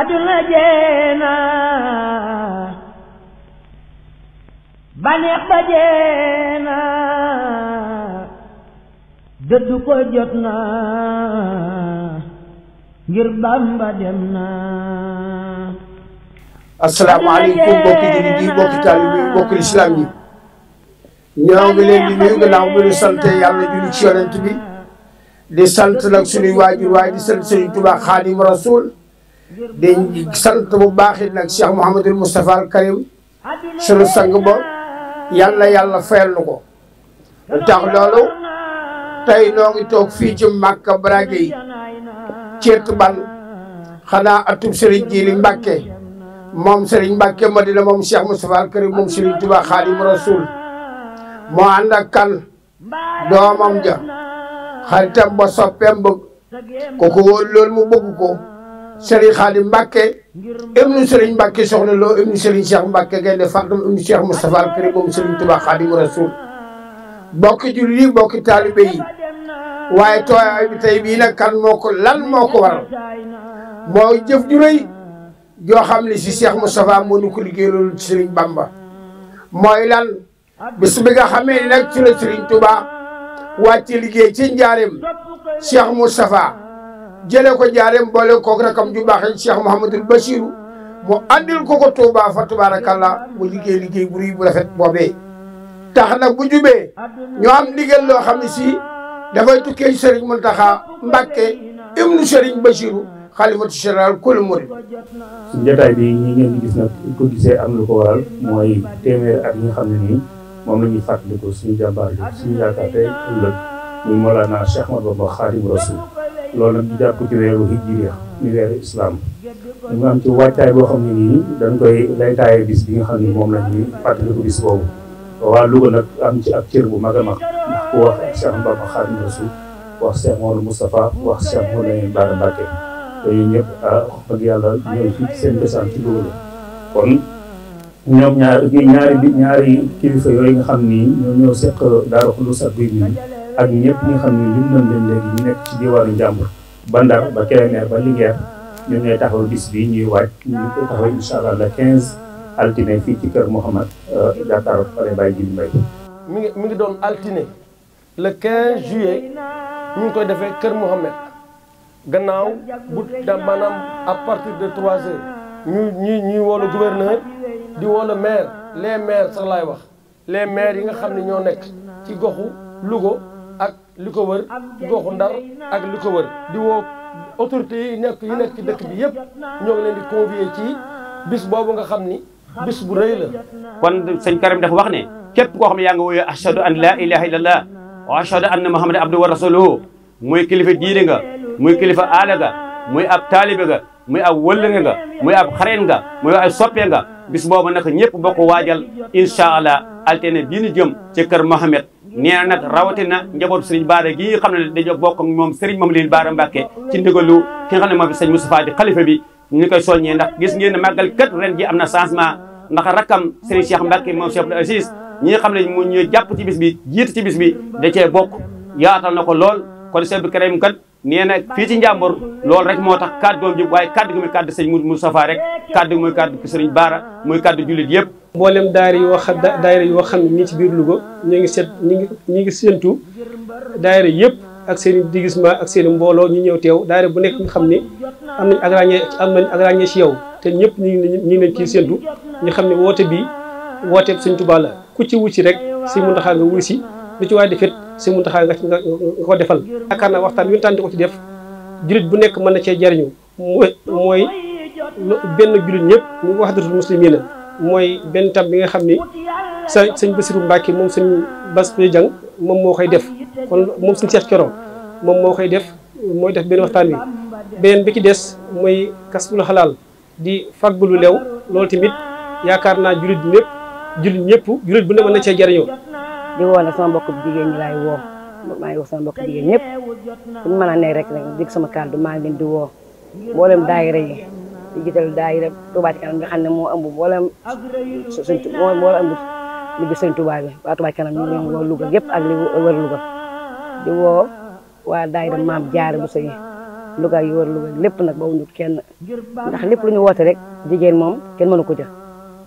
àdduna jeena baneex ba jeena dëddu ko jot ngir Bàmba dem na asalaamaaleykum bokki jullit yi bokki taalibe yi bokki lislaam yi ñoo ngi leen bu ñu sant yàlla julli ci yonent bi di sant nag waajur waaye di sant Sëriñ Tuubaa Xaadimu Rasuul dañ sant bu baax it nag Cheikh Mouhamadul Moustapha al Karim sunu sang ba yàlla yàlla fayal ko lu tax loolu tey noo ngi toog fii ci Màkka Brage yi ceet ban xanaa atub Serigne Jili Mbacke moom Serigne Mbacke Madina moom Cheikh Moustapha al Karim moom Serigne tuba Khadim Rasoul moo ànd ak kan doomam ja xaritam ba soppeem bëgg ko ko wóor loolu mu bëgg ko. Serigne Khadim Mbacké ibnu Serigne Mbacké soxna loo ibnu Serigne Cheikh Mbacké gaynde Fatma ibnu Cheikh Moustapha al Karim moom Serigne Touba Khadimu Rasul bokki jullit yi bokki taalibe yi waaye tooyaay bi tey bii nag kan moo ko lan moo ko waral mooy jëf ju rëy joo xam ne si Cheikh Moustapha moo ñu ko liggéeyaloon ci Serigne Bamba mooy lan bis bi nga xamee ni nag ci la Serigne Touba wàcce liggéey ci njaareem Cheikh Moustapha jëlee ko jaareem boole kook rakam ju baax Cheikh Mouhamadul Bachiru mu andil ko ko Touba fa tabarakallah mu liggéey liggéey bu rëy bu rafet boobee. tax nag bu jubee ñu am ndigal loo xam ne si dafay tukkee Serigne Mountakha Mbacké ibnu Serigne Bachiru xalifatu général kul murid. suñu jotaay bi ñi ngeen di gis nag ko gisee am lu ko waral mooy téeméer at yi nga xam ne nii moom lu ñuy fàttaliku suñu jàmbaar bi suñu yaakaar tey ëllëg muy Mawlana Cheikh Ahmadou Bamba Khadimu Rasul loolu nag jàpp ci weeru hijriya ñu weeru islam ñu am ci waajtaay boo xam ne nii dañ koy laytaaye bis bi nga xam ne moom la ñuy fàttaliku bis boobu waa Louga nag am ci ab cër bu mag a mag ndax ku wax Cheikh Mbaba Xaadimu Rasuul wax Cheikh Mawlana Moustapha wax ñëpp ah dëgg yàlla ñëw ci seen cosaan ci Louga kon ñoom ñaar ñaari bi ñaari kilifa yooyu nga xam ni ñoo ñëw seq Daaru Xuddoos biir nii ak ñëpp ñi nga xam ne lim nañ leen léegi ñu nekk ci diwaanu njàmbur ba Ndar ba Kébémer ba Linguère ñun ñooy taxaw bis bi ñuy waaj ñu ko taxaw incha allah le altine fii ci kër Mouhamad euh, Diattara pare Baye Djily Mbaye mi ngi mi ngi doon altine le 15 juillet ñu ngi koy defee kër Mouhamad gannaaw bu da maanaam à partir de 3 heures ñu ñu ñuy woo le di woo le maire les maire sax laay wax les maires yi nga xam ne ñoo nekk ci goxu Louga. ak li ko wër goxu ndar ak li ko wër di woo autorité yi nekk yi nekk ci dëkk bi yëpp ñoo ngi leen di convier ci bis boobu nga xam ni bis bu rëy la kon sëñ Karim dafa wax ne képp koo xam ne yaa nga wooyee ashhadu an la ilaha illallah wa ashhadu anna muhammadan abdu wa rasuluhu muy kilifa diine nga muy kilifa aada nga muy ab taalibe nga muy ab wëllënge nga muy ab xareen nga muy ab soppe nga bis boobu nag ñëpp bokk waajal incha allah altine bii ñu jëm ci kër Mohamed nee na nag rawatina njabootu sëriñ Baara gii xam ne dañoo bokk ak moom sëriñ moom leen Baara Mbàkke ci ndigalu ki nga xam ne moom sëñ Moustapha di xalifa bi ñu koy soññee ndax gis ngeen ne màggal kat ren ji am na changement ndax rakkam sëriñ Cheikh Mbàkke moom Cheikh Abdou Aziz ñi nga xam ne mu ñu jàpp ci bis bi jiitu ci bis bi da cee bokk yaatal na ko lool kon Cheikh bi Karim kat nee na fii ci njàmbur loolu rek moo tax kàddu gi waaye kàddu gi muy kàddu sëñ Moustapha rek kàddu gi muy kàddu sëriñ Baara muy kàddu jullit yëpp. mboolem daayira yoo xam daayira yoo ci biir Louga ñu ngi seet ñu ngi ñu ngi séentu daayira yëpp ak seen i digisement ak seen i mbooloo ñu ñëw teew daayira bu nekk nga xam ni am na ak ràññee am nañ ak ràññee ci yow te ñëpp ñu ngi ñu ngi leen ciy ñu xam ne woote bi woote sëñ Tuubaa la ku ci wusi rek sëñ Muntaxa nga wusi lu ci waay defit si mun taxaa nga ko defal akana waxtan yu wi ko ci def julit bu nek man na jarignu moy ben julit ñep mu ñëpp ñu waxdatul muslimina mooy benn tam bi nga xamni señ sa sëñ mom señ bas sëñ Jang mom mo koy def kon mom señ cheikh kero mom mo koy def moy def ben waxtan bi ben bi ci dess moy kasbul halal di fàgg lew lol timit yakarna julit ñep julit ñep julit bu ne man na cee di woo nag sama mbokk jigéen ñi laay woo maa ngi wax sama ñëpp fu ñu mën a nekk rek nag dig sama kàddu maa ngi leen di woo mboolem daayira yi di jiital daayira Touba ci kanam nga xam ne moo ëmb mboolem suñ mboolem ëmb liggéey sëñ Touba yi waa Touba ci kanam ñu ngi leen woo ak li wër Louga di woo waa daayira maam jaare bu sëy Louga yi wër Louga lépp nag boobu ñu kenn ndax lépp lu ñu woote rek jigéen moom kenn mënu ko jël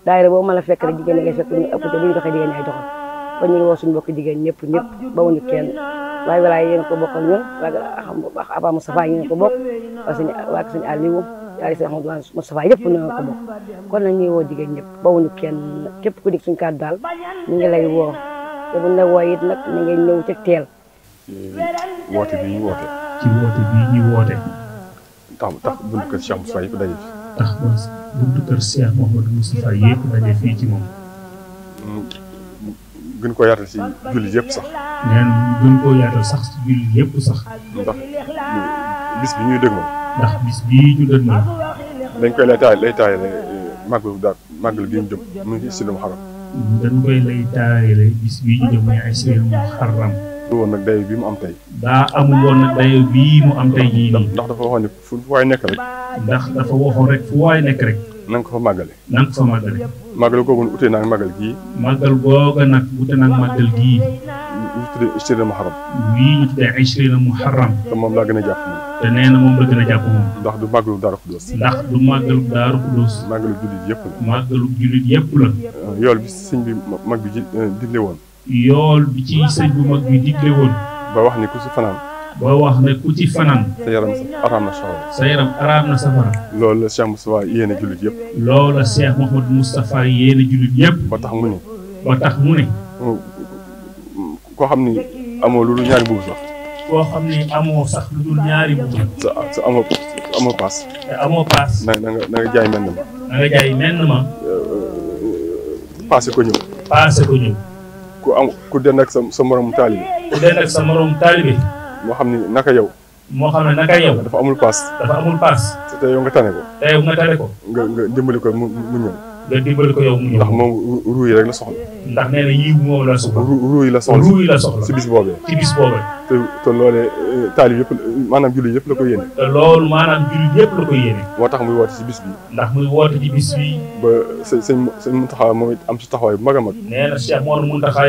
daayira boobu mën a fekk rek jigéen ñi ngay fekk lu ñu ëpp te bu ñu jigéen ñi ay ba ñu woo suñu mbokki jigéen ñëpp ñëpp bawuñu kenn waaye walaay yéen ko bokkal ñun waaye ko bokk waa suñu waa suñu Aliou yëpp ñoo ko bokk kon nag ñu woo jigéen ñëpp bawuñu kenn képp ku dikk suñ kàddu daal ñu ngi lay woo te buñ la woo it nag ñu ngi ñëw ci teel. woote bi ñu woote. ci ñu woote. tax tax buntu kër Cheikh Moustapha yëpp daje fi. fii ci moom. gën koo yaatal si jullit yëpp sax. nee gën koo yaatal sax ci jullit yëpp sax. ndax bis bi ñuy dëgmal. ndax bis bii ñu dëgmal. dañ koy lay taay lay taay eh, gi ñu jëm mu ngi si lu mu xaram. dañ koy lay taayale bis bii ñu jëm muy ay si mu xaram. woon nag dayo bii mu am tey. daa amul woon nag dayo bii mu am tey jii. ndax dafa waxoon ne fu waay nekk rek. ndax dafa waxoon rek fu waay nekk rek. na nga ko fa màggale na nga ko fa màggale màggal googu nag ute naag màggal gii màggal googa nag ute naag màggal gii ñu tuddee Ishrina Muharram wii ñu tuddee Ishrina Muharram te moom laa gën a jàpp moom te nee na moom la gën a jàpp moom ndax du màggalu Daaru Xuddoos ndax du màggalu Daaru Xuddoos màggalu jullit yëpp la màggalu jullit yëpp la euh, yool bi sëñ bi mag bi euh, digle woon yool bi ci sëñ bu mag bi digle woon ba wax ni ku si fanaan ba wax ne ku ci fanaan. sa yaram araam na safara. sa yaram araam na loolu la Cheikh Moustapha yéene jullit yëpp. loolu la Cheikh Mouhamadou Moustapha yéene jullit yëpp. ba tax mu ne. ba tax mu ne. koo xam ni amoo lu dul ñaari mbubb sax. koo xam ni amoo sax lu dul ñaari mbubb. sa sa amoo paas. te amoo paas. na jaay menn ma. na jaay menn ma. Euh, paase ko ñëw. paase ko ñëw. ku am ku dend ak sa sa moromu moo xam ni naka yow. moo xam ne naka yow. dafa amul paas. dafa amul paas. te yow nga tane ko. te nga tane ko. nga dimbali ko mu mu ñëw. nga dimbali ko yow mu ñëw. ndax moom ruu rek la soxla. ndax nee na yii moom la soxla. ruu yi la soxla ruu yi la soxla. bis boobee. te te loolee eh, taalib yëpp maanaam jullit yëpp la ko yéene. te loolu maanaam jullit yëpp la ko yéene. moo tax muy woote ci bis bi. ndax muy woote ci bis bi. ba sëñ sëñ sëñ Muntaxa moom it am ci taxawaay bu a na Cheikh Mor na gën a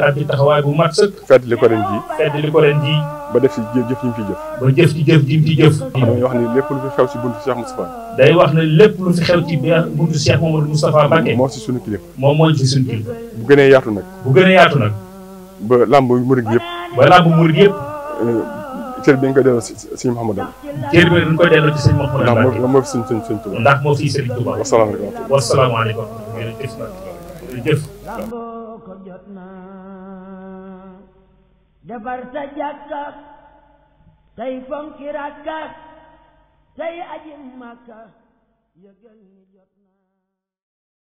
yàgg bu mat sëkk. fête li ko ren jii. fête li ko ren jii. ba def ci jëf ji mu fi jëf. ba jëf ci jëf ji mu fi jëf. xam wax ni lépp lu xew ci buntu Cheikh Moustapha. day wax ne lépp lu fi ci moo ci sunu kilifa. moom moo ci sunu kilifa. bu gënee yaatu nag. bu gënee yaatu nag. ba làmb murid yëpp. booy bu murid yëpp. Euh, cër bi nga koy si si Mouhamadou. bi dañ koy delloo ci sëñ Mouhamadou. ndax moo moo fi sëñ sëñ Tuubaa. ndax moo fi sëñ Tuubaa. wasalaamaaleykum wasalaamaaleykum. jërëjëf jërëjëf. defar sa jàkka tey